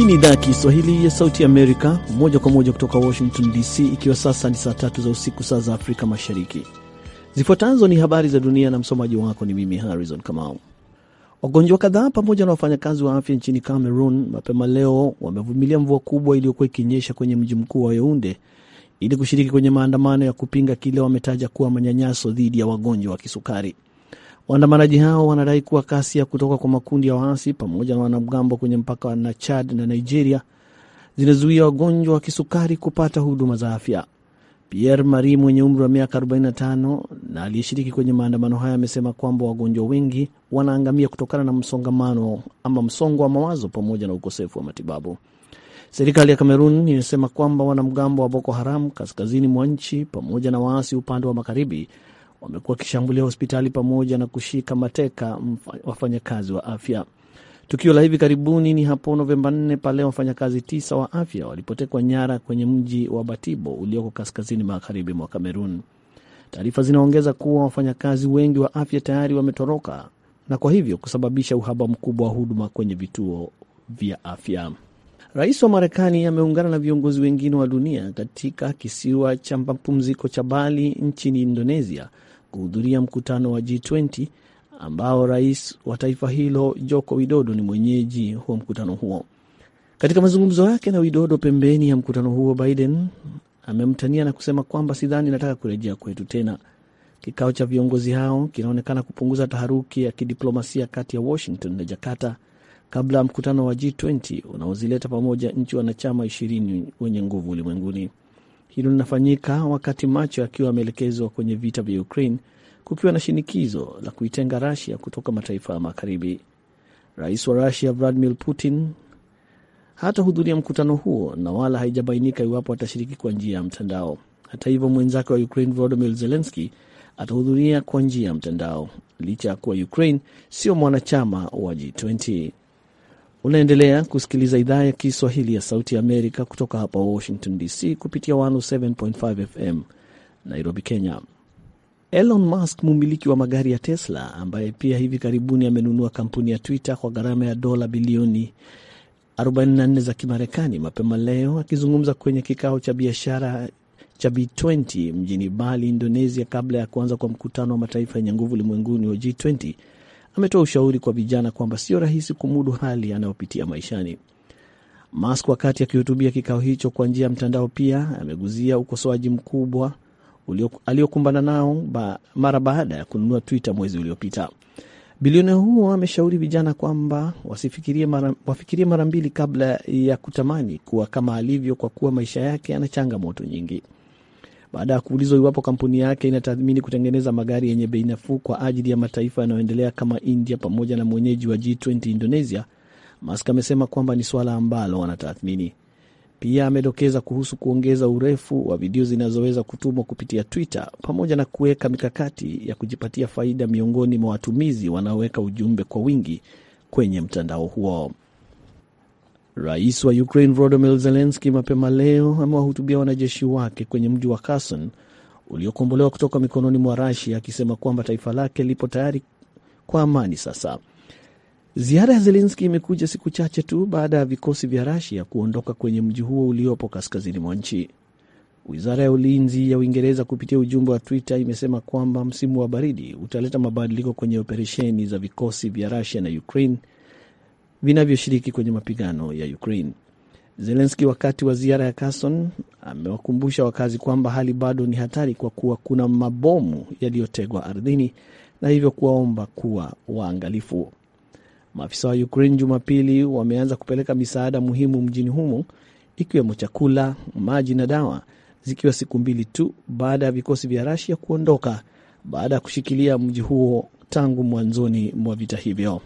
Hii ni idhaa ya Kiswahili ya Sauti Amerika, moja kwa moja kutoka Washington DC, ikiwa sasa ni saa tatu za usiku, saa za Afrika Mashariki. Zifuatazo ni habari za dunia na msomaji wako ni mimi Harrison Kamau. Wagonjwa kadhaa pamoja na wafanyakazi wa afya nchini Cameroon mapema leo wamevumilia mvua kubwa iliyokuwa ikinyesha kwenye mji mkuu wa yeunde ili kushiriki kwenye maandamano ya kupinga kile wametaja kuwa manyanyaso dhidi ya wagonjwa wa kisukari. Waandamanaji hao wanadai kuwa kasi ya kutoka kwa makundi ya waasi pamoja na wanamgambo kwenye mpaka na Chad na Nigeria zinazuia wagonjwa wa kisukari kupata huduma za afya. Pierre Marie mwenye umri wa miaka 45 na aliyeshiriki kwenye maandamano haya amesema kwamba wagonjwa wengi wanaangamia kutokana na msongamano ama msongo wa mawazo pamoja na ukosefu wa matibabu. Serikali ya Kamerun imesema kwamba wanamgambo wa Boko Haram kaskazini mwa nchi pamoja na waasi upande wa magharibi wamekuwa wakishambulia hospitali pamoja na kushika mateka wafanyakazi wa afya. Tukio la hivi karibuni ni hapo Novemba 4 pale wafanyakazi tisa wa afya walipotekwa nyara kwenye mji wa Batibo ulioko kaskazini magharibi mwa Kamerun. Taarifa zinaongeza kuwa wafanyakazi wengi wa afya tayari wametoroka na kwa hivyo kusababisha uhaba mkubwa wa huduma kwenye vituo vya afya. Rais wa Marekani ameungana na viongozi wengine wa dunia katika kisiwa cha mapumziko cha Bali nchini Indonesia kuhudhuria mkutano wa G20 ambao rais wa taifa hilo Joko Widodo ni mwenyeji wa mkutano huo. Katika mazungumzo yake na Widodo pembeni ya mkutano huo, Biden amemtania na kusema kwamba sidhani nataka kurejea kwetu tena. Kikao cha viongozi hao kinaonekana kupunguza taharuki ya kidiplomasia kati ya Washington na Jakarta kabla ya mkutano wa G20 unaozileta pamoja nchi wanachama ishirini wenye nguvu ulimwenguni. Hilo linafanyika wakati macho akiwa ameelekezwa kwenye vita vya Ukraine, kukiwa na shinikizo la kuitenga Rusia kutoka mataifa ya Magharibi. Rais wa Rusia Vladimir Putin hatahudhuria mkutano huo na wala haijabainika iwapo atashiriki kwa njia ya mtandao. Hata hivyo, mwenzake wa Ukraine Volodymyr Zelensky atahudhuria kwa njia ya mtandao licha ya kuwa Ukraine sio mwanachama wa G20. Unaendelea kusikiliza idhaa ya Kiswahili ya Sauti ya Amerika kutoka hapa Washington DC kupitia 107.5 FM Nairobi, Kenya. Elon Musk, mumiliki wa magari ya Tesla, ambaye pia hivi karibuni amenunua kampuni ya Twitter kwa gharama ya dola bilioni 44 za Kimarekani, mapema leo akizungumza kwenye kikao cha biashara cha B20 mjini Bali, Indonesia, kabla ya kuanza kwa mkutano wa mataifa yenye nguvu ulimwenguni wa G20 ametoa ushauri kwa vijana kwamba sio rahisi kumudu hali anayopitia maishani. Musk wakati akihutubia kikao hicho kwa njia ya mtandao, pia ameguzia ukosoaji mkubwa aliokumbana nao ba, mara baada ya kununua Twitter mwezi uliopita. Bilionea huo ameshauri vijana kwamba wasifikirie mara, wafikirie mara mbili kabla ya kutamani kuwa kama alivyo, kwa kuwa maisha yake yana changamoto nyingi baada ya kuulizwa iwapo kampuni yake inatathmini kutengeneza magari yenye bei nafuu kwa ajili ya mataifa yanayoendelea kama India pamoja na mwenyeji wa G20 Indonesia, Musk amesema kwamba ni suala ambalo wanatathmini. Pia amedokeza kuhusu kuongeza urefu wa video zinazoweza kutumwa kupitia Twitter pamoja na kuweka mikakati ya kujipatia faida miongoni mwa watumizi wanaoweka ujumbe kwa wingi kwenye mtandao huo. Rais wa Ukraine Volodymyr Zelensky mapema leo amewahutubia wanajeshi wake kwenye mji wa Kherson uliokombolewa kutoka mikononi mwa Rasia, akisema kwamba taifa lake lipo tayari kwa amani sasa. Ziara ya Zelenski imekuja siku chache tu baada ya vikosi vya Rasia kuondoka kwenye mji huo uliopo kaskazini mwa nchi. Wizara ya ulinzi ya Uingereza kupitia ujumbe wa Twitter imesema kwamba msimu wa baridi utaleta mabadiliko kwenye operesheni za vikosi vya Rasia na Ukraine vinavyoshiriki kwenye mapigano ya Ukraine. Zelenski wakati wa ziara ya Kherson amewakumbusha wakazi kwamba hali bado ni hatari kwa kuwa kuna mabomu yaliyotegwa ardhini na hivyo kuwaomba kuwa waangalifu. Maafisa wa Ukraine Jumapili wameanza kupeleka misaada muhimu mjini humo ikiwemo chakula, maji na dawa, zikiwa siku mbili tu baada ya vikosi vya Rasia kuondoka baada ya kushikilia mji huo tangu mwanzoni mwa vita hivyo.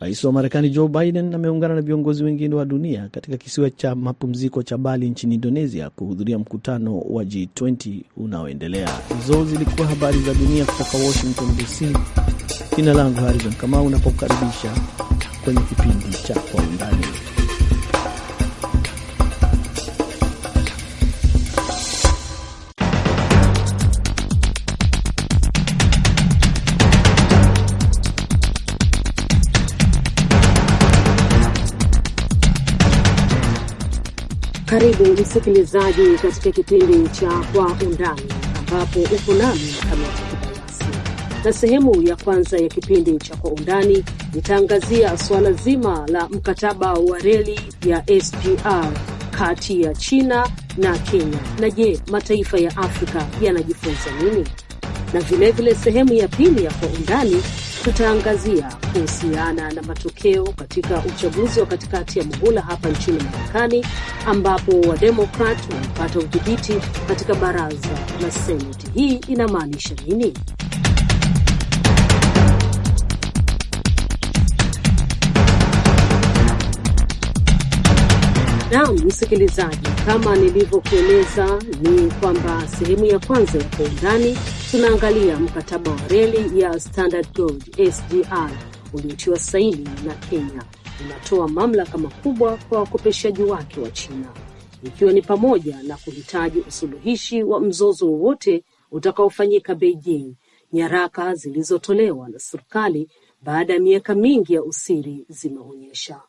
Rais wa Marekani Joe Biden ameungana na viongozi wengine wa dunia katika kisiwa cha mapumziko cha Bali nchini Indonesia kuhudhuria mkutano wa G20 unaoendelea. Hizo zilikuwa habari za dunia kutoka Washington DC. Jina langu Harrison Kamau, napokaribisha kwenye kipindi cha Kwa Undani. Karibu msikilizaji katika kipindi cha Kwa Undani, ambapo upo nami kama Kibayasi, na sehemu ya kwanza ya kipindi cha Kwa Undani itaangazia suala zima la mkataba wa reli ya SGR kati ya China na Kenya, na je, mataifa ya Afrika yanajifunza nini? Na vilevile vile sehemu ya pili ya Kwa Undani tutaangazia kuhusiana na matokeo katika uchaguzi wa katikati ya muhula hapa nchini Marekani, ambapo Wademokrat wamepata udhibiti katika baraza la Seneti. Hii inamaanisha nini? Naam msikilizaji, kama nilivyokueleza ni kwamba sehemu ya kwanza ya Kwa Undani tunaangalia mkataba wa reli ya Standard Gauge SGR uliotiwa saini na Kenya, unatoa mamlaka makubwa kwa wakopeshaji wake wa China, ikiwa ni pamoja na kuhitaji usuluhishi wa mzozo wowote utakaofanyika Beijing. Nyaraka zilizotolewa na serikali baada ya miaka mingi ya usiri zimeonyesha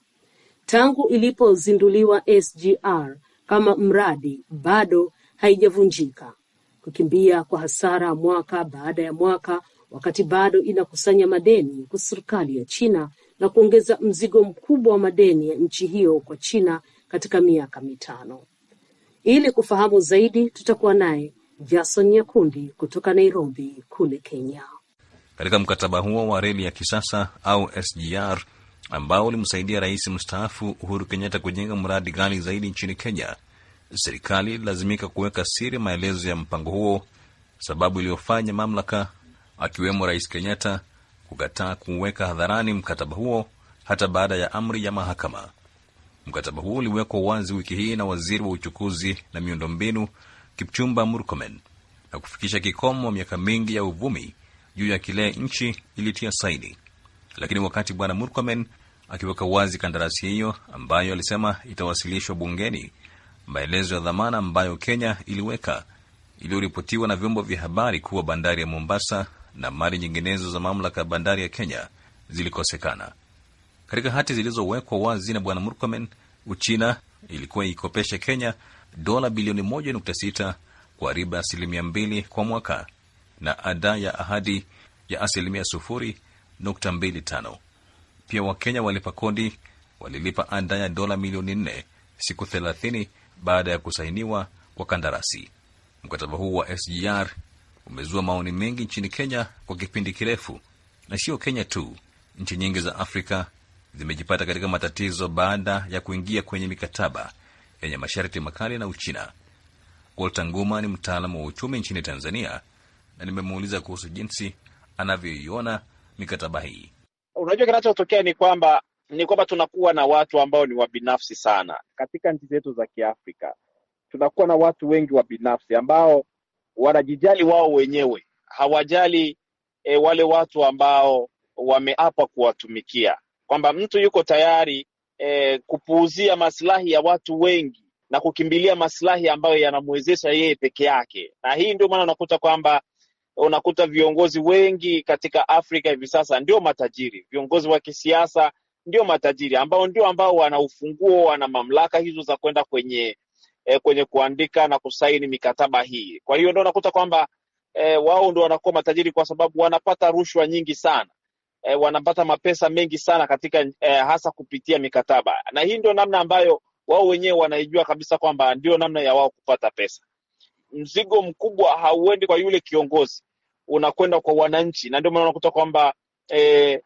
Tangu ilipozinduliwa SGR kama mradi bado haijavunjika, kukimbia kwa hasara mwaka baada ya mwaka, wakati bado inakusanya madeni kwa serikali ya China na kuongeza mzigo mkubwa wa madeni ya nchi hiyo kwa China katika miaka mitano. Ili kufahamu zaidi, tutakuwa naye Jason Nyakundi kutoka Nairobi kule Kenya. Katika mkataba huo wa reli ya kisasa au SGR ambao ulimsaidia rais mstaafu Uhuru Kenyatta kujenga mradi ghali zaidi nchini Kenya. Serikali ililazimika kuweka siri maelezo ya mpango huo, sababu iliyofanya mamlaka akiwemo Rais Kenyatta kukataa kuweka hadharani mkataba huo hata baada ya amri ya mahakama. Mkataba huo uliwekwa wazi wiki hii na waziri wa uchukuzi na miundombinu Kipchumba Murkomen na kufikisha kikomo miaka mingi ya uvumi juu ya kile nchi ilitia saini. Lakini wakati Bwana Murkomen akiweka wazi kandarasi hiyo ambayo alisema itawasilishwa bungeni. Maelezo ya dhamana ambayo Kenya iliweka iliyoripotiwa na vyombo vya habari kuwa bandari ya Mombasa na mali nyinginezo za mamlaka ya bandari ya Kenya zilikosekana. Katika hati zilizowekwa wazi na Bwana Murkomen, Uchina ilikuwa ikopesha Kenya dola bilioni 1.6 kwa riba asilimia 2 kwa mwaka na ada ya ahadi ya asilimia 0.25. Pia Wakenya walipa kodi walilipa ada ya dola milioni nne siku thelathini baada ya kusainiwa kwa kandarasi. Mkataba huu wa SGR umezua maoni mengi nchini Kenya kwa kipindi kirefu, na sio Kenya tu. Nchi nyingi za Afrika zimejipata katika matatizo baada ya kuingia kwenye mikataba yenye masharti makali na Uchina. Walter Nguma ni mtaalamu wa uchumi nchini Tanzania na nimemuuliza kuhusu jinsi anavyoiona mikataba hii unajua kinachotokea ni kwamba ni kwamba tunakuwa na watu ambao ni wabinafsi sana katika nchi zetu za Kiafrika. Tunakuwa na watu wengi wabinafsi ambao wanajijali wao wenyewe, hawajali e, wale watu ambao wameapa kuwatumikia, kwamba mtu yuko tayari e, kupuuzia masilahi ya watu wengi na kukimbilia masilahi ambayo yanamwezesha yeye peke yake, na hii ndio maana unakuta kwamba unakuta viongozi wengi katika Afrika hivi sasa ndio matajiri, viongozi wa kisiasa ndio matajiri ambao ndio ambao wana ufunguo, wana mamlaka hizo za kwenda kwenye eh, kwenye kuandika na kusaini mikataba hii. Kwa hiyo ndio unakuta kwamba eh, wao ndio wanakuwa matajiri kwa sababu wanapata rushwa nyingi sana. E, wanapata mapesa mengi sana katika e, hasa kupitia mikataba, na hii ndio namna ambayo wao wenyewe wanaijua kabisa kwamba ndio namna ya wao kupata pesa mzigo mkubwa hauendi kwa yule kiongozi, unakwenda kwa wananchi, na ndio maana unakuta kwamba e,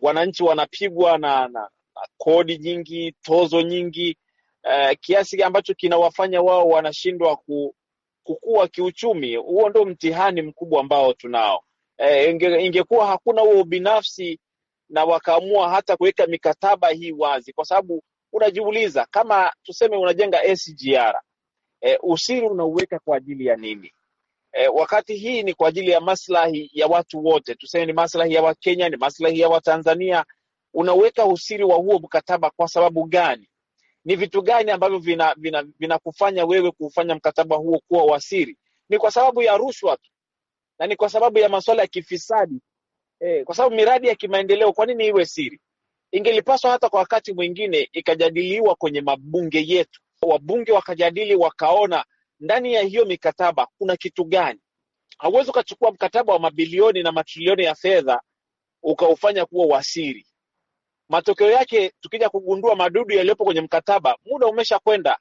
wananchi wanapigwa na, na, na kodi nyingi, tozo nyingi e, kiasi ambacho kinawafanya wao wanashindwa ku, kukua kiuchumi. Huo ndio mtihani mkubwa ambao tunao. E, inge, ingekuwa hakuna huo ubinafsi na wakaamua hata kuweka mikataba hii wazi, kwa sababu unajiuliza kama tuseme unajenga SGR e, usiri unauweka kwa ajili ya nini? E, wakati hii ni kwa ajili ya maslahi ya watu wote, tuseme ni maslahi ya Wakenya, ni maslahi ya Watanzania. Unaweka usiri wa huo mkataba kwa sababu gani? Ni vitu gani ambavyo vinakufanya vina, vina wewe kuufanya mkataba huo kuwa wasiri? Ni kwa sababu ya rushwa tu na ni kwa sababu ya masuala ya kifisadi e, kwa sababu miradi ya kimaendeleo, kwa nini iwe siri? Ingelipaswa hata kwa wakati mwingine ikajadiliwa kwenye mabunge yetu wabunge wakajadili, wakaona ndani ya hiyo mikataba kuna kitu gani. Hauwezi ukachukua mkataba wa mabilioni na matrilioni ya fedha ukaufanya kuwa wasiri. Matokeo yake tukija kugundua madudu yaliyopo kwenye mkataba, muda umeshakwenda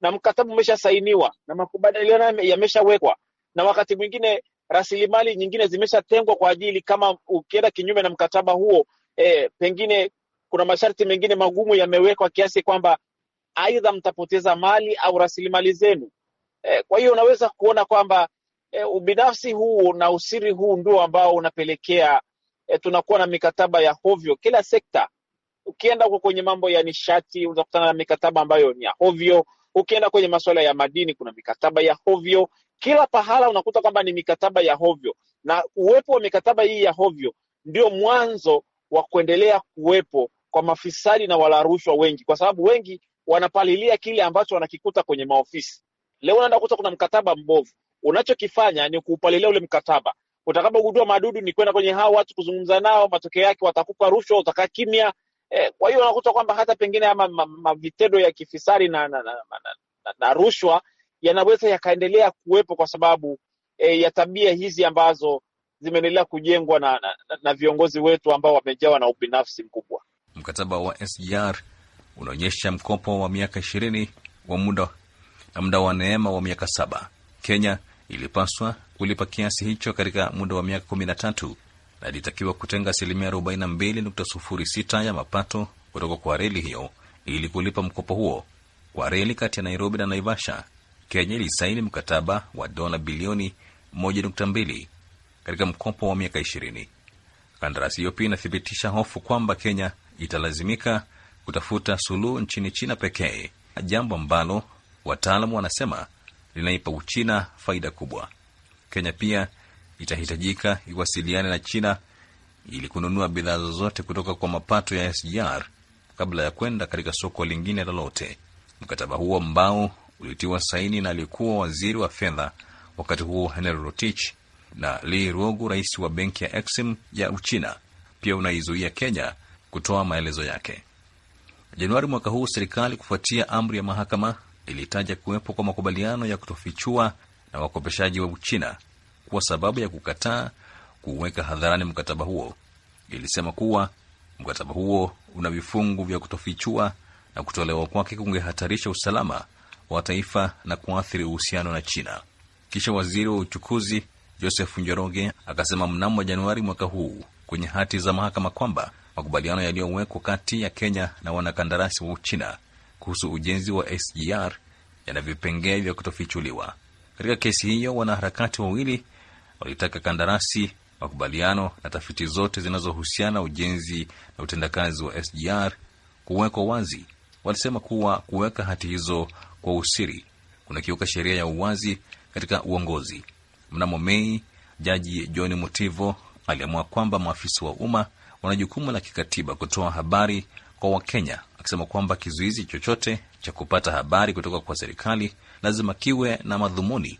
na mkataba umeshasainiwa na makubaliano yameshawekwa, na wakati mwingine rasilimali nyingine zimeshatengwa kwa ajili, kama ukienda kinyume na mkataba huo, eh, pengine kuna masharti mengine magumu yamewekwa kiasi kwamba aidha mtapoteza mali au rasilimali zenu. E, kwa hiyo unaweza kuona kwamba e, ubinafsi huu na usiri huu ndio ambao unapelekea e, tunakuwa na mikataba ya hovyo kila sekta. Ukienda huko kwenye mambo ya nishati utakutana na mikataba ambayo ni ya hovyo. Ukienda kwenye masuala ya madini kuna mikataba ya hovyo. Kila pahala unakuta kwamba ni mikataba ya hovyo, na uwepo wa mikataba hii ya hovyo ndio mwanzo wa kuendelea kuwepo kwa mafisadi na walarushwa wengi, kwa sababu wengi wanapalilia kile ambacho wanakikuta kwenye maofisi. Leo unaenda kuta kuna mkataba mbovu, unachokifanya ni kuupalilia ule mkataba. Utakapogundua madudu ni kwenda kwenye hao watu kuzungumza nao, matokeo yake watakupa rushwa, utakaa kimya. E, kwa hiyo unakuta kwamba hata pengine ama mavitendo ya kifisari na, na, na, na, na, na rushwa yanaweza yakaendelea kuwepo kwa sababu e, ya tabia hizi ambazo zimeendelea kujengwa na, na, na viongozi wetu ambao wamejawa na ubinafsi mkubwa. Mkataba wa SGR unaonyesha mkopo wa miaka ishirini wa muda na muda wa neema wa miaka saba. Kenya ilipaswa kulipa kiasi hicho katika muda wa miaka kumi na tatu na ilitakiwa kutenga asilimia arobaini na mbili nukta sufuri sita ya mapato kutoka kwa reli hiyo ili kulipa mkopo huo kwa reli kati ya Nairobi na Naivasha. Kenya ilisaini mkataba wa dola bilioni moja nukta mbili katika mkopo wa miaka ishirini. Kandarasi hiyo pia inathibitisha hofu kwamba Kenya italazimika kutafuta suluhu nchini China pekee, jambo ambalo wataalamu wanasema linaipa Uchina faida kubwa. Kenya pia itahitajika iwasiliane na China ili kununua bidhaa zozote kutoka kwa mapato ya SGR kabla ya kwenda katika soko lingine lolote. Mkataba huo ambao ulitiwa saini na aliyekuwa waziri wa fedha wakati huo Henry Rotich na Li Ruogu, rais wa benki ya Exim ya Uchina, pia unaizuia Kenya kutoa maelezo yake. Januari mwaka huu, serikali kufuatia amri ya mahakama ilitaja kuwepo kwa makubaliano ya kutofichua na wakopeshaji wa Uchina kuwa sababu ya kukataa kuweka hadharani mkataba huo. Ilisema kuwa mkataba huo una vifungu vya kutofichua na kutolewa kwake kungehatarisha usalama wa taifa na kuathiri uhusiano na China. Kisha waziri wa uchukuzi Joseph Njoroge akasema mnamo Januari mwaka huu kwenye hati za mahakama kwamba makubaliano yaliyowekwa kati ya Kenya na wanakandarasi wa Uchina kuhusu ujenzi wa SGR yana vipengee vya kutofichuliwa. Katika kesi hiyo, wanaharakati wawili walitaka kandarasi, makubaliano na tafiti zote zinazohusiana ujenzi na utendakazi wa SGR kuwekwa wazi. Walisema kuwa kuweka hati hizo kwa usiri kunakiuka sheria ya uwazi katika uongozi. Mnamo Mei, Jaji John Mutivo aliamua kwamba maafisa wa umma wana jukumu la kikatiba kutoa habari kwa Wakenya, akisema kwamba kizuizi chochote cha kupata habari kutoka kwa serikali lazima kiwe na madhumuni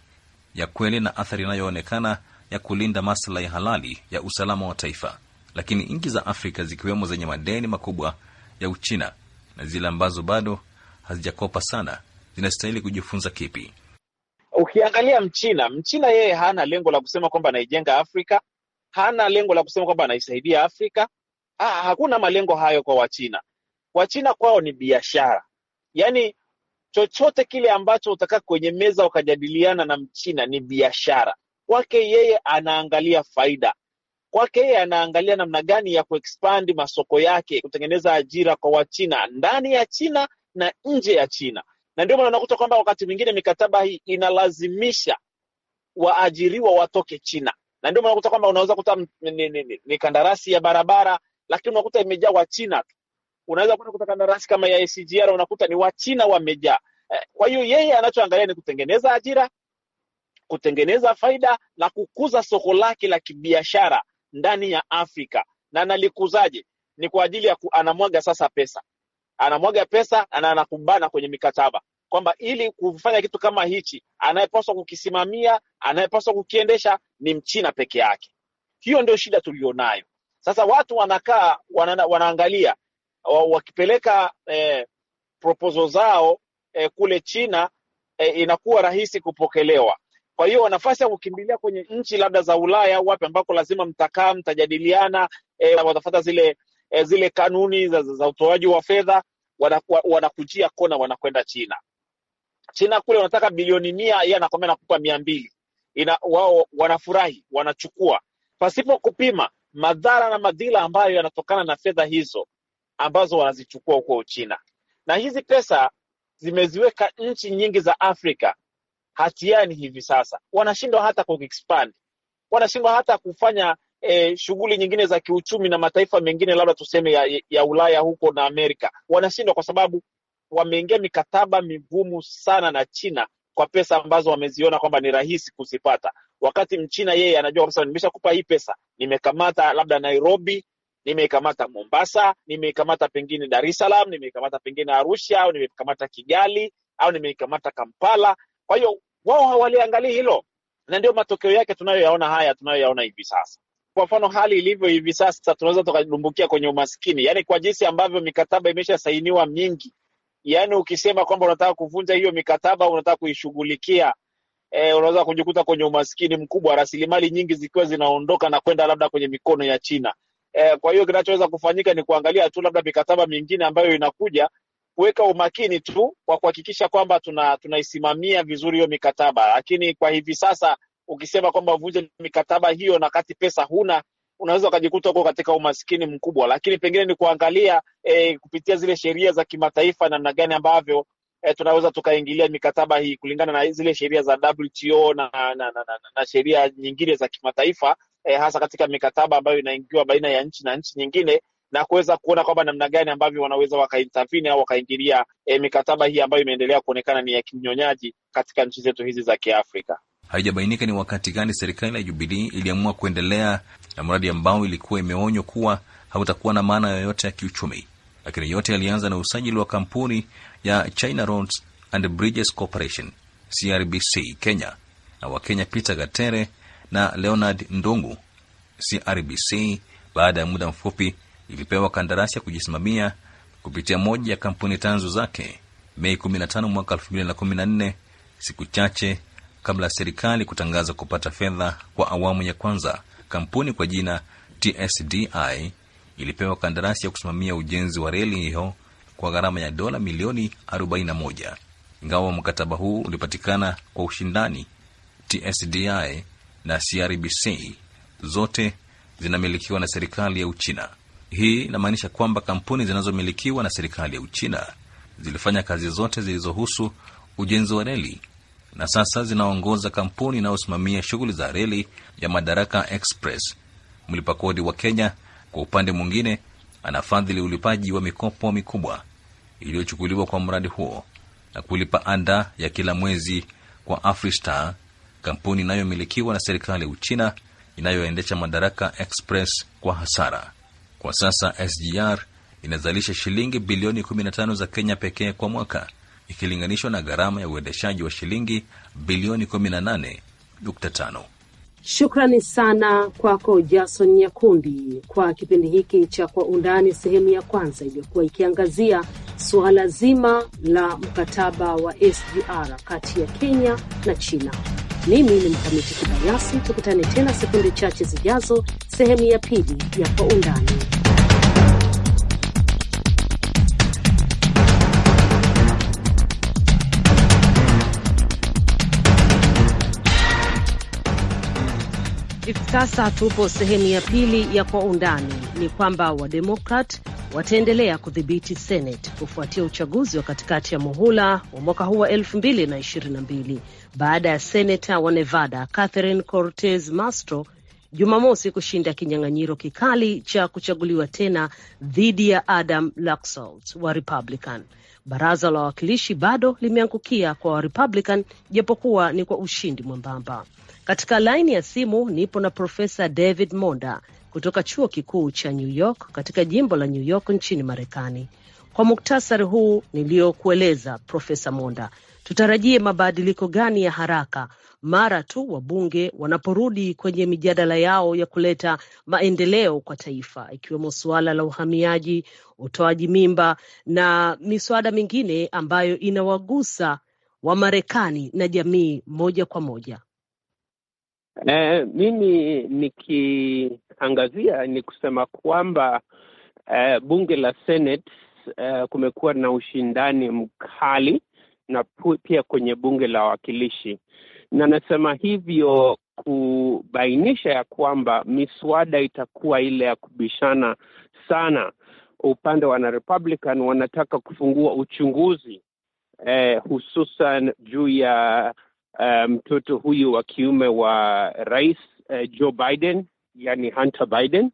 ya kweli na athari inayoonekana ya kulinda maslahi halali ya usalama wa taifa. Lakini nchi za Afrika zikiwemo zenye madeni makubwa ya Uchina na zile ambazo bado hazijakopa sana zinastahili kujifunza kipi? Ukiangalia Mchina, Mchina yeye hana lengo la kusema kwamba anaijenga Afrika hana lengo la kusema kwamba anaisaidia Afrika. Ah, hakuna malengo hayo kwa Wachina. Wachina kwao ni biashara, yaani chochote kile ambacho utakaa kwenye meza ukajadiliana na mchina ni biashara kwake. Yeye anaangalia faida kwake, yeye anaangalia namna gani ya kuexpand masoko yake, kutengeneza ajira kwa wachina ndani ya China na nje ya China. Na ndio maana unakuta kwamba wakati mwingine mikataba hii inalazimisha waajiriwa watoke China na ndio unakuta kwamba unaweza kuta ni, ni, ni, ni kandarasi ya barabara lakini unakuta imejaa wachina tu unaweza kuta kandarasi kama ya SGR unakuta ni wachina wamejaa eh, kwa hiyo yeye anachoangalia ni kutengeneza ajira kutengeneza faida na kukuza soko lake la kibiashara ndani ya Afrika na nalikuzaje ni kwa ajili ya ku, anamwaga sasa pesa anamwaga pesa na anakubana kwenye mikataba kwamba ili kufanya kitu kama hichi, anayepaswa kukisimamia, anayepaswa kukiendesha ni mchina peke yake. Hiyo ndio shida tulionayo sasa. Watu wanakaa wana, wanaangalia wakipeleka eh, proposal zao eh, kule China eh, inakuwa rahisi kupokelewa. Kwa hiyo nafasi ya kukimbilia kwenye nchi labda za Ulaya au wapi ambako lazima mtakaa mtajadiliana, eh, watafata zile eh, zile kanuni za, za utoaji wa fedha, wanakujia kona wanakwenda China. China kule wanataka bilioni mia, yeye anakwambia nakupa mia mbili. Ina wao wanafurahi, wanachukua pasipo kupima madhara na madhila ambayo yanatokana na fedha hizo ambazo wanazichukua huko Uchina. Na hizi pesa zimeziweka nchi nyingi za Afrika hatiani hivi sasa, wanashindwa hata kuexpand, wanashindwa hata kufanya eh, shughuli nyingine za kiuchumi na mataifa mengine labda tuseme ya, ya Ulaya huko na Amerika, wanashindwa kwa sababu wameingia mikataba migumu sana na China kwa pesa ambazo wameziona kwamba ni rahisi kuzipata, wakati mchina yeye anajua kabisa, nimeshakupa hii pesa, nimekamata labda Nairobi, nimeikamata Mombasa, nimeikamata pengine Dar es Salaam, nimeikamata pengine Arusha, au nimekamata Kigali, au nimeikamata Kampala. Kwa hiyo wao hawaliangalii hilo, na ndio matokeo yake tunayoyaona haya tunayoyaona hivi sasa. Kwa mfano, hali ilivyo hivi sasa, tunaweza tukadumbukia kwenye umaskini, yaani kwa jinsi ambavyo mikataba imeshasainiwa mingi yani ukisema kwamba unataka kuvunja hiyo mikataba, unataka kuishughulikia e, unaweza kujikuta kwenye umaskini mkubwa, rasilimali nyingi zikiwa zinaondoka na kwenda labda kwenye mikono ya China. E, kwa hiyo kinachoweza kufanyika ni kuangalia tu labda mikataba mingine ambayo inakuja kuweka umakini tu kwa kuhakikisha kwamba tuna tunaisimamia vizuri hiyo mikataba, lakini kwa hivi sasa ukisema kwamba uvunje mikataba hiyo na kati pesa huna, unaweza ukajikuta uko katika umaskini mkubwa, lakini pengine ni kuangalia e, kupitia zile sheria za kimataifa, namna gani ambavyo e, tunaweza tukaingilia mikataba hii kulingana na zile sheria za WTO na, na, na, na, na, na sheria nyingine za kimataifa e, hasa katika mikataba ambayo inaingiwa baina ya nchi na nchi nyingine na kuweza kuona kwamba namna gani ambavyo wanaweza wakaintervene au wakaingilia e, mikataba hii ambayo imeendelea kuonekana ni ya kinyonyaji katika nchi zetu hizi za Kiafrika. Haijabainika ni wakati gani serikali ya Jubilii iliamua kuendelea na mradi ambao ilikuwa imeonywa kuwa hautakuwa na maana yoyote ya kiuchumi, lakini yote yalianza na usajili wa kampuni ya China Roads and Bridges Corporation CRBC Kenya na Wakenya Peter Gatere na Leonard Ndungu. CRBC baada ya muda mfupi ilipewa kandarasi ya kujisimamia kupitia moja ya kampuni tanzu zake Mei 15 mwaka 2014, siku chache kabla ya serikali kutangaza kupata fedha kwa awamu ya kwanza. Kampuni kwa jina TSDI ilipewa kandarasi ya kusimamia ujenzi wa reli hiyo kwa gharama ya dola milioni 41. Ingawa mkataba huu ulipatikana kwa ushindani, TSDI na CRBC zote zinamilikiwa na serikali ya Uchina. Hii inamaanisha kwamba kampuni zinazomilikiwa na serikali ya Uchina zilifanya kazi zote zilizohusu ujenzi wa reli na sasa zinaongoza kampuni inayosimamia shughuli za reli ya Madaraka Express. Mlipa kodi wa Kenya kwa upande mwingine anafadhili ulipaji wa mikopo mikubwa iliyochukuliwa kwa mradi huo na kulipa ada ya kila mwezi kwa Afristar, kampuni inayomilikiwa na serikali ya Uchina inayoendesha Madaraka Express kwa hasara. Kwa sasa SGR inazalisha shilingi bilioni 15 za Kenya pekee kwa mwaka ikilinganishwa na gharama ya uendeshaji wa shilingi bilioni 18.5. Shukrani sana kwako Jason Nyakundi kwa kipindi hiki cha Kwa Undani, sehemu ya kwanza iliyokuwa ikiangazia suala zima la mkataba wa SGR kati ya Kenya na China. Mimi ni Mkamiti Kibayasi, tukutane tena sekunde chache zijazo, sehemu ya pili ya Kwa Undani. Hivi sasa tupo sehemu ya pili ya Kwa Undani. Ni kwamba Wademokrat wataendelea kudhibiti Senate kufuatia uchaguzi wa katikati ya muhula wa mwaka huu wa 222 baada ya seneta wa Nevada Catherine Cortez Masto Jumamosi kushinda kinyang'anyiro kikali cha kuchaguliwa tena dhidi ya Adam Laxalt wa Republican. Baraza la Wawakilishi bado limeangukia kwa Warepublican japokuwa ni kwa ushindi mwembamba. Katika laini ya simu nipo na Profesa David Monda kutoka chuo kikuu cha New York katika jimbo la New York nchini Marekani. Kwa muktasari huu niliyokueleza, Profesa Monda, tutarajie mabadiliko gani ya haraka mara tu wabunge wanaporudi kwenye mijadala yao ya kuleta maendeleo kwa taifa, ikiwemo suala la uhamiaji, utoaji mimba na miswada mingine ambayo inawagusa Wamarekani na jamii moja kwa moja? E, mimi nikiangazia ni kusema kwamba e, bunge la Senate e, kumekuwa na ushindani mkali na pia kwenye bunge la wawakilishi, na nasema hivyo kubainisha ya kwamba miswada itakuwa ile ya kubishana sana. Upande wa wanarepublican wanataka kufungua uchunguzi eh, hususan juu ya Um, mtoto um, huyu wa kiume wa rais uh, Joe Biden, yani Hunter Biden,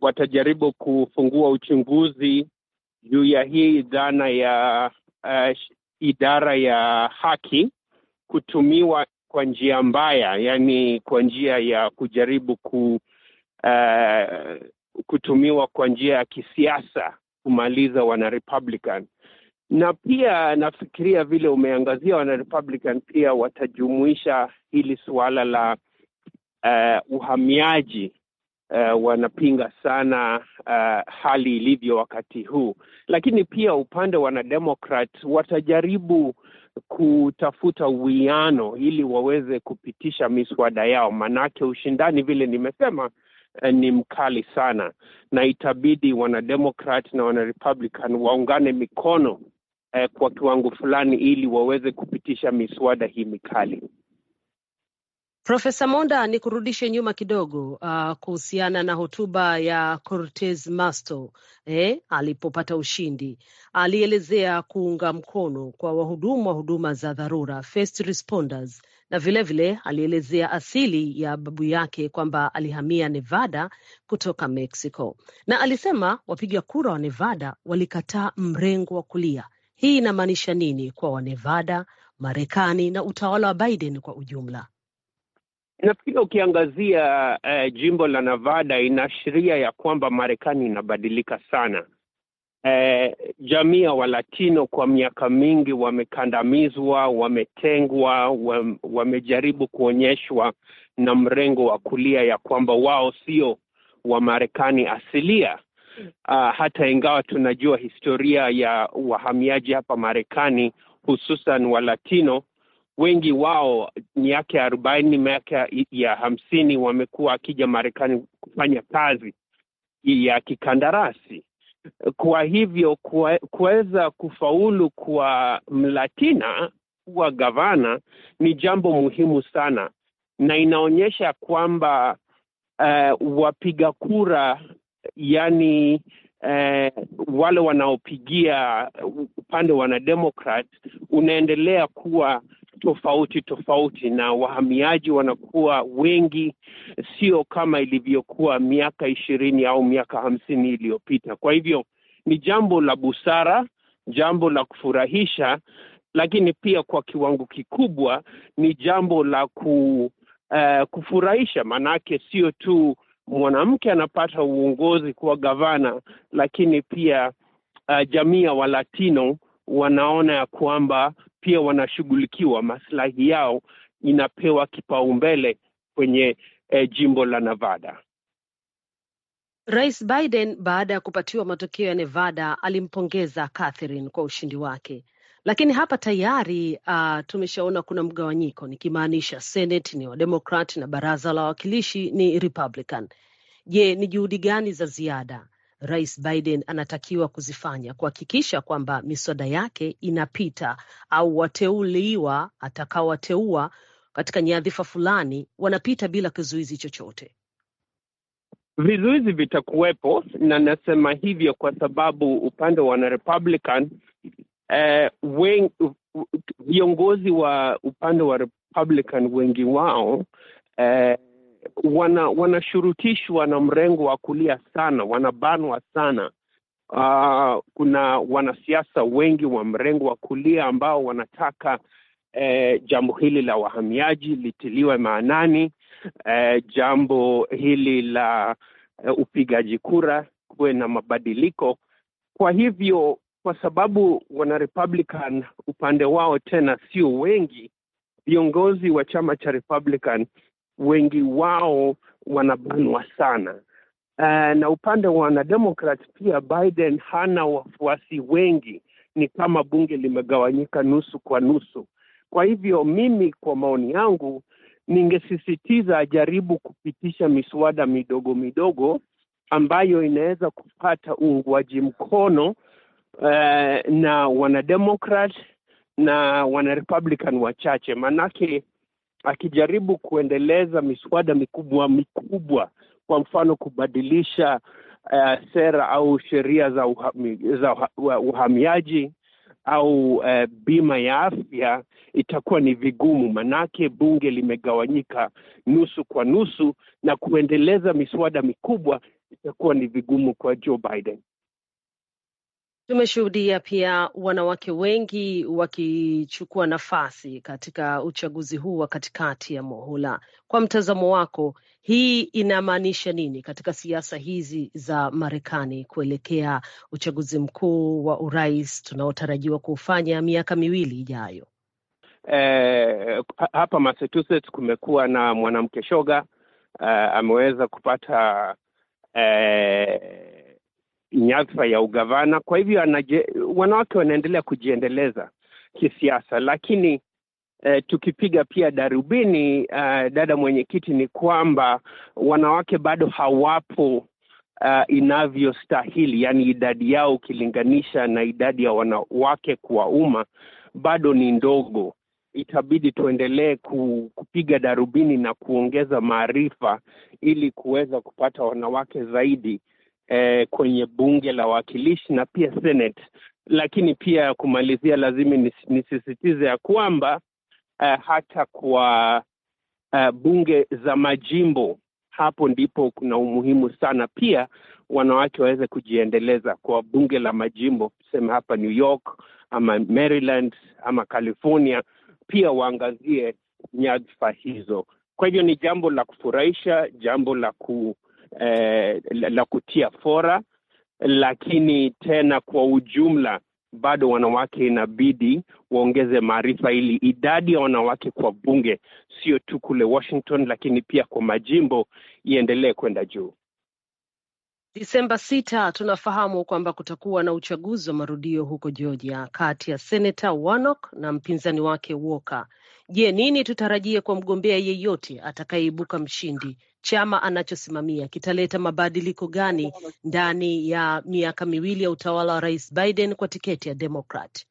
watajaribu kufungua uchunguzi juu ya hii dhana ya uh, idara ya haki kutumiwa kwa njia mbaya, yani kwa njia ya kujaribu ku uh, kutumiwa kwa njia ya kisiasa kumaliza wana Republican na pia nafikiria vile umeangazia, wana pia watajumuisha hili suala la uh, uhamiaji. Uh, wanapinga sana uh, hali ilivyo wakati huu, lakini pia upande wa Wanademokrat watajaribu kutafuta uwiano ili waweze kupitisha miswada yao, manake ushindani vile nimesema ni mkali sana, na itabidi Wanademokrat na Wanarepublican waungane mikono eh, kwa kiwango fulani ili waweze kupitisha miswada hii mikali. Profesa Monda, ni kurudishe nyuma kidogo ah, kuhusiana na hotuba ya Cortez Masto eh, alipopata ushindi, alielezea kuunga mkono kwa wahudumu wa huduma za dharura first responders, na vilevile vile, alielezea asili ya babu yake kwamba alihamia Nevada kutoka Mexico, na alisema wapiga kura wa Nevada walikataa mrengo wa kulia hii inamaanisha nini kwa Wanevada, Marekani na utawala wa Biden kwa ujumla? Nafikiri ukiangazia eh, jimbo la Nevada inaashiria ya kwamba Marekani inabadilika sana. Eh, jamii ya Walatino kwa miaka mingi wamekandamizwa, wametengwa, wame, wamejaribu kuonyeshwa na mrengo wa kulia ya kwamba wao sio wa Marekani asilia, uh, hata ingawa tunajua historia ya wahamiaji hapa Marekani hususan wa Latino, wengi wao miaka ya arobaini miaka ya hamsini wamekuwa akija Marekani kufanya kazi ya kikandarasi. Kwa hivyo kuweza kufaulu kwa mlatina kuwa gavana ni jambo muhimu sana, na inaonyesha kwamba uh, wapiga kura yaani eh, wale wanaopigia upande wa wanademokrat unaendelea kuwa tofauti tofauti, na wahamiaji wanakuwa wengi, sio kama ilivyokuwa miaka ishirini au miaka hamsini iliyopita. Kwa hivyo ni jambo la busara, jambo la kufurahisha, lakini pia kwa kiwango kikubwa ni jambo la ku, uh, kufurahisha, maanake sio tu mwanamke anapata uongozi kuwa gavana, lakini pia uh, jamii ya Walatino wanaona ya kwamba pia wanashughulikiwa, maslahi yao inapewa kipaumbele kwenye eh, jimbo la Nevada. Rais Biden baada ya kupatiwa matokeo ya Nevada alimpongeza Catherine kwa ushindi wake. Lakini hapa tayari uh, tumeshaona kuna mgawanyiko, nikimaanisha Senate ni Wademokrat na baraza la wawakilishi ni Republican. Je, ni juhudi gani za ziada Rais Biden anatakiwa kuzifanya kuhakikisha kwamba miswada yake inapita au wateuliwa atakawateua katika nyadhifa fulani wanapita bila kizuizi chochote? Vizuizi vitakuwepo, na nasema hivyo kwa sababu upande wa wanarepublican eh, wen, viongozi wa upande wa Republican wengi wao eh, wana wanashurutishwa na mrengo wa kulia sana, wanabanwa sana. Uh, kuna wanasiasa wengi wa mrengo wa kulia ambao wanataka eh, jambo hili la wahamiaji litiliwe maanani, eh, jambo hili la eh, upigaji kura kuwe na mabadiliko. Kwa hivyo kwa sababu wana Republican upande wao tena sio wengi. Viongozi wa chama cha Republican wengi wao wanabanwa sana. Uh, na upande wa wanademokrat pia Biden hana wafuasi wengi, ni kama bunge limegawanyika nusu kwa nusu. Kwa hivyo mimi, kwa maoni yangu, ningesisitiza ajaribu kupitisha miswada midogo midogo ambayo inaweza kupata uungwaji mkono uh, na wanademokrat na wanarepublican wachache, manake akijaribu kuendeleza miswada mikubwa mikubwa, kwa mfano kubadilisha uh, sera au sheria za, uhami, za uhamiaji au uh, bima ya afya, itakuwa ni vigumu, manake bunge limegawanyika nusu kwa nusu, na kuendeleza miswada mikubwa itakuwa ni vigumu kwa Joe Biden. Tumeshuhudia pia wanawake wengi wakichukua nafasi katika uchaguzi huu wa katikati ya muhula. Kwa mtazamo wako, hii inamaanisha nini katika siasa hizi za Marekani kuelekea uchaguzi mkuu wa urais tunaotarajiwa kuufanya miaka miwili ijayo? Eh, hapa Massachusetts kumekuwa na mwanamke shoga eh, ameweza kupata eh, nyadhifa ya ugavana. Kwa hivyo anaje, wanawake wanaendelea kujiendeleza kisiasa, lakini eh, tukipiga pia darubini uh, dada mwenyekiti, ni kwamba wanawake bado hawapo uh, inavyostahili, yaani idadi yao ukilinganisha na idadi ya wanawake kwa umma bado ni ndogo. Itabidi tuendelee kupiga darubini na kuongeza maarifa ili kuweza kupata wanawake zaidi eh, kwenye bunge la wawakilishi na pia Senate. Lakini pia kumalizia, lazima nisisitize ya kwamba eh, hata kwa eh, bunge za majimbo hapo ndipo kuna umuhimu sana pia wanawake waweze kujiendeleza kwa bunge la majimbo, tuseme hapa New York ama Maryland ama California, pia waangazie nyadhifa hizo. Kwa hivyo ni jambo la kufurahisha, jambo la ku eh, la kutia fora, lakini tena kwa ujumla bado wanawake inabidi waongeze maarifa ili idadi ya wanawake kwa bunge sio tu kule Washington, lakini pia kwa majimbo iendelee kwenda juu. Disemba sita tunafahamu kwamba kutakuwa na uchaguzi wa marudio huko Georgia kati ya senata Warnock na mpinzani wake Walker. Je, nini tutarajie kwa mgombea yeyote atakayeibuka mshindi chama anachosimamia kitaleta mabadiliko gani ndani ya miaka miwili ya utawala wa Rais Biden kwa tiketi ya Demokrat?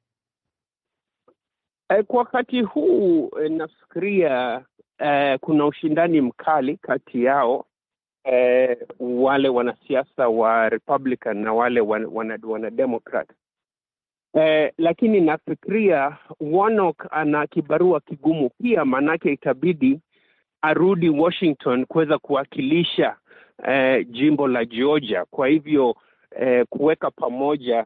Eh, kwa wakati huu eh, nafikiria eh, kuna ushindani mkali kati yao eh, wale wanasiasa wa Republican na wale wanademokrat wana, wanademokrat eh, lakini nafikiria Warnock ana kibarua kigumu pia, maanake itabidi arudi Washington kuweza kuwakilisha eh, jimbo la Georgia. Kwa hivyo eh, kuweka pamoja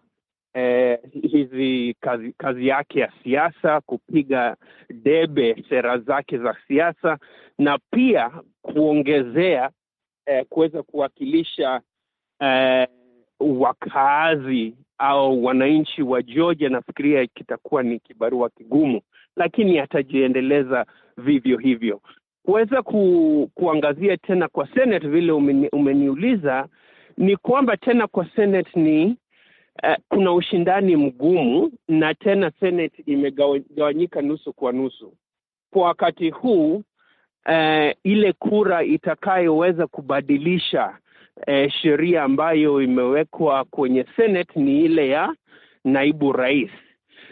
eh, hizi kazi, kazi yake ya siasa, kupiga debe sera zake za siasa na pia kuongezea eh, kuweza kuwakilisha eh, wakaazi au wananchi wa Georgia, nafikiria kitakuwa ni kibarua kigumu, lakini atajiendeleza vivyo hivyo kuweza ku, kuangazia tena kwa Senate vile umeni, umeniuliza ni kwamba tena kwa Senate ni uh, kuna ushindani mgumu na tena Senate imegawanyika nusu kwa nusu kwa wakati huu uh, ile kura itakayoweza kubadilisha uh, sheria ambayo imewekwa kwenye Senate ni ile ya naibu rais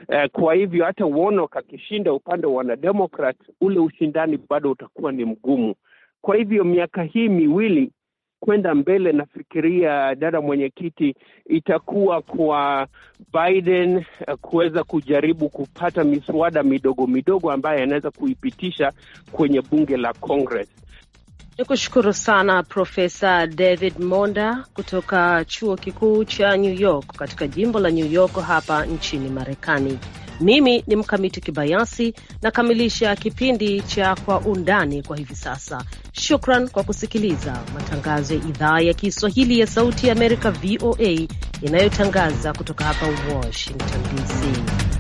Eh, kwa hivyo hata Warnock akishinda upande wa wanademokrat, ule ushindani bado utakuwa ni mgumu. Kwa hivyo miaka hii miwili kwenda mbele, nafikiria dada mwenyekiti, itakuwa kwa Biden eh, kuweza kujaribu kupata miswada midogo midogo ambayo anaweza kuipitisha kwenye bunge la Congress. Ni kushukuru sana Profesa David Monda kutoka chuo kikuu cha New York katika jimbo la New York hapa nchini Marekani. Mimi ni Mkamiti Kibayasi, nakamilisha kipindi cha Kwa Undani kwa hivi sasa. Shukran kwa kusikiliza matangazo ya idhaa ya Kiswahili ya Sauti ya Amerika, VOA, inayotangaza kutoka hapa Washington DC.